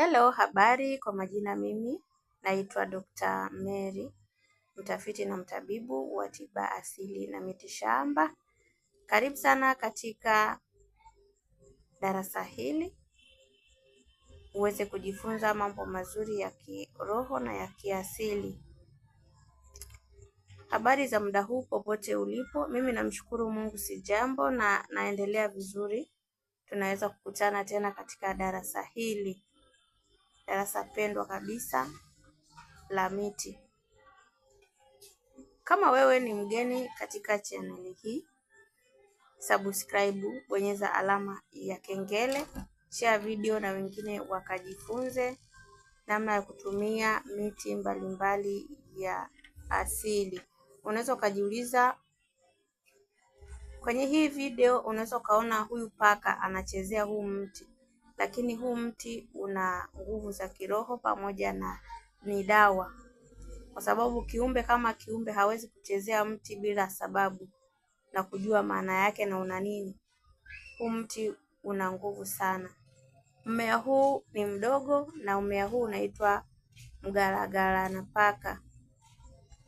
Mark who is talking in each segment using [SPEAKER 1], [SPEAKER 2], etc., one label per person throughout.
[SPEAKER 1] Hello, habari. Kwa majina mimi naitwa Dr. Mary, mtafiti na mtabibu wa tiba asili na miti shamba. Karibu sana katika darasa hili uweze kujifunza mambo mazuri ya kiroho na ya kiasili. Habari za muda huu popote ulipo, mimi namshukuru Mungu si jambo na naendelea vizuri. Tunaweza kukutana tena katika darasa hili darasa pendwa kabisa la miti. Kama wewe ni mgeni katika chaneli hii, subscribe, bonyeza alama ya kengele, share video na wengine wakajifunze namna ya kutumia miti mbalimbali mbali ya asili. Unaweza ukajiuliza kwenye hii video, unaweza ukaona huyu paka anachezea huu mti, lakini huu mti una nguvu za kiroho pamoja na ni dawa, kwa sababu kiumbe kama kiumbe hawezi kuchezea mti bila sababu na kujua maana yake na una nini. Huu mti una nguvu sana. Mmea huu ni mdogo na mmea huu unaitwa mgalagala na paka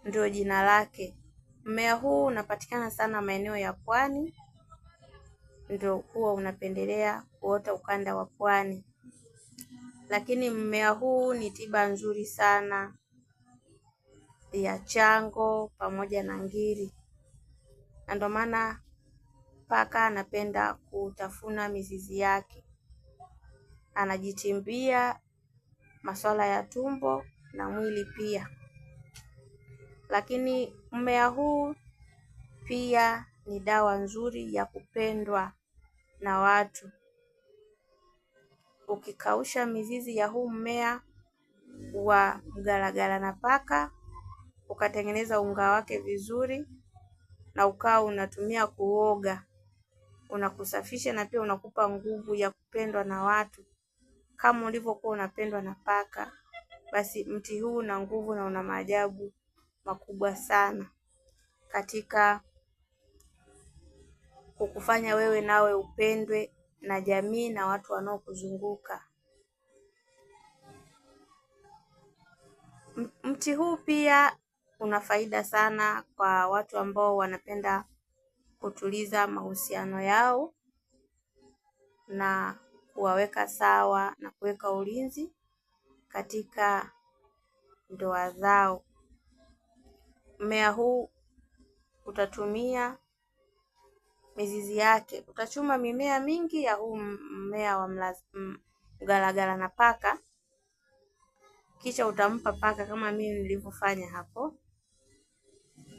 [SPEAKER 1] ndio jina lake. Mmea huu unapatikana sana maeneo ya pwani ndio huwa unapendelea kuota ukanda wa pwani, lakini mmea huu ni tiba nzuri sana ya chango pamoja na ngiri, na ndio maana paka anapenda kutafuna mizizi yake, anajitimbia masuala ya tumbo na mwili pia. Lakini mmea huu pia ni dawa nzuri ya kupendwa na watu. Ukikausha mizizi ya huu mmea wa mgaragara na paka, ukatengeneza unga wake vizuri na ukawa unatumia kuoga, unakusafisha na pia unakupa nguvu ya kupendwa na watu kama ulivyokuwa unapendwa na paka. Basi mti huu una nguvu na una maajabu makubwa sana katika kukufanya wewe nawe upendwe na jamii na watu wanaokuzunguka. Mti huu pia una faida sana kwa watu ambao wanapenda kutuliza mahusiano yao na kuwaweka sawa na kuweka ulinzi katika ndoa zao. Mmea huu utatumia mizizi yake. Utachuma mimea mingi ya huu mmea wa mgalagala mm, na paka, kisha utampa paka kama mimi nilivyofanya hapo.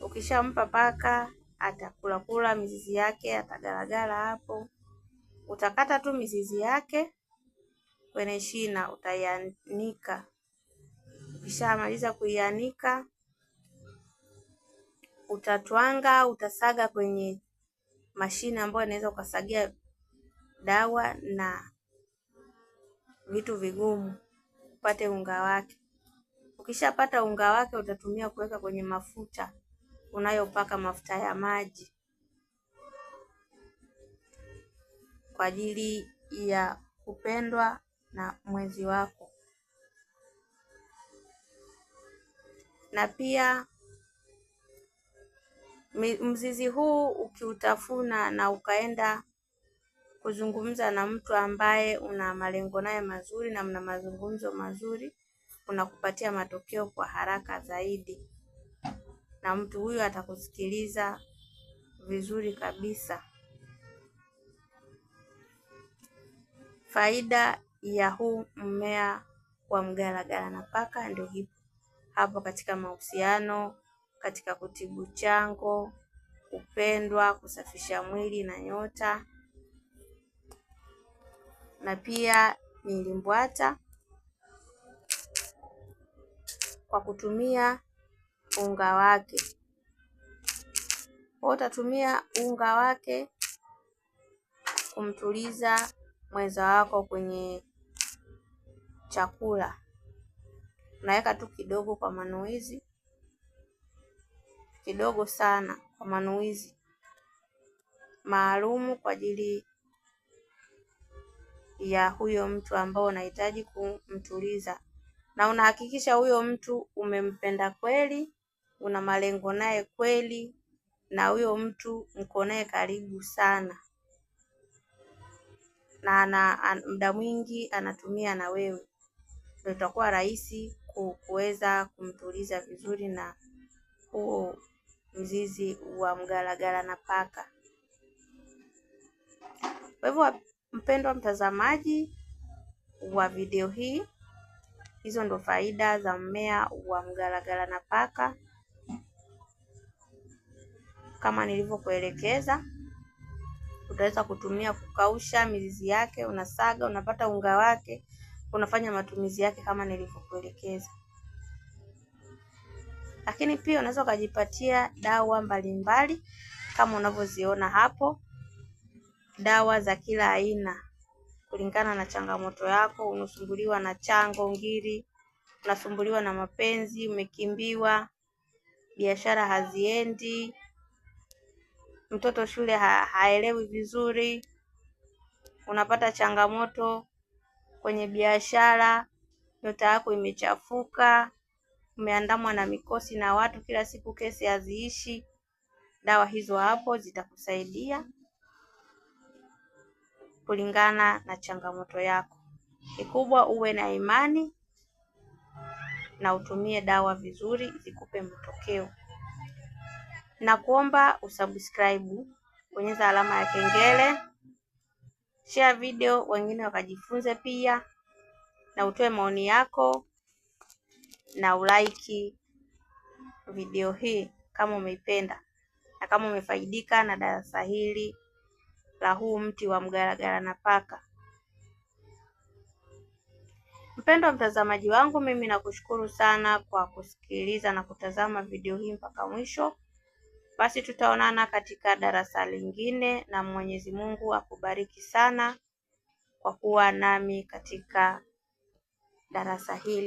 [SPEAKER 1] Ukishampa paka atakulakula mizizi yake, atagalagala hapo. Utakata tu mizizi yake kwenye shina, utaianika. Ukishamaliza kuianika, utatwanga, utasaga kwenye mashine ambayo inaweza ukasagia dawa na vitu vigumu upate unga wake. Ukishapata unga wake utatumia kuweka kwenye mafuta unayopaka mafuta ya maji kwa ajili ya kupendwa na mwenzi wako, na pia Mzizi huu ukiutafuna na ukaenda kuzungumza na mtu ambaye una malengo naye mazuri na mna mazungumzo mazuri, unakupatia matokeo kwa haraka zaidi, na mtu huyu atakusikiliza vizuri kabisa. Faida ya huu mmea wa mgalagala na paka ndio hipo hapo katika mahusiano katika kutibu chango, kupendwa, kusafisha mwili na nyota, na pia nilimbwata kwa kutumia unga wake. Kwa utatumia unga wake kumtuliza mwenza wako kwenye chakula, unaweka tu kidogo kwa manuizi kidogo sana kwa manuizi maalumu kwa ajili ya huyo mtu ambao unahitaji kumtuliza, na unahakikisha huyo mtu umempenda kweli, una malengo naye kweli, na huyo mtu mko naye karibu sana, na ana muda mwingi anatumia na wewe, ndio itakuwa rahisi kuweza kumtuliza vizuri na huo mzizi wa mgalagala na paka. Kwa hivyo, mpendwa mtazamaji wa video hii, hizo ndo faida za mmea wa mgalagala na paka kama nilivyokuelekeza. Utaweza kutumia kukausha mizizi yake, unasaga, unapata unga wake, unafanya matumizi yake kama nilivyokuelekeza. Lakini pia unaweza ukajipatia dawa mbalimbali kama unavyoziona hapo, dawa za kila aina kulingana na changamoto yako. Unasumbuliwa na chango, ngiri, unasumbuliwa na mapenzi, umekimbiwa, biashara haziendi, mtoto shule ha haelewi vizuri, unapata changamoto kwenye biashara, nyota yako imechafuka umeandamwa na mikosi na watu, kila siku kesi haziishi, dawa hizo hapo zitakusaidia kulingana na changamoto yako. Kikubwa uwe na imani na utumie dawa vizuri zikupe matokeo. Na kuomba usubscribe, bonyeza alama ya kengele, share video wengine wakajifunze pia, na utoe maoni yako na ulaiki video hii kama umeipenda na kama umefaidika na darasa hili la huu mti wa mgaragara na paka. Mpendwa mtazamaji wangu, mimi nakushukuru sana kwa kusikiliza na kutazama video hii mpaka mwisho. Basi tutaonana katika darasa lingine, na Mwenyezi Mungu akubariki sana kwa kuwa nami katika darasa hili.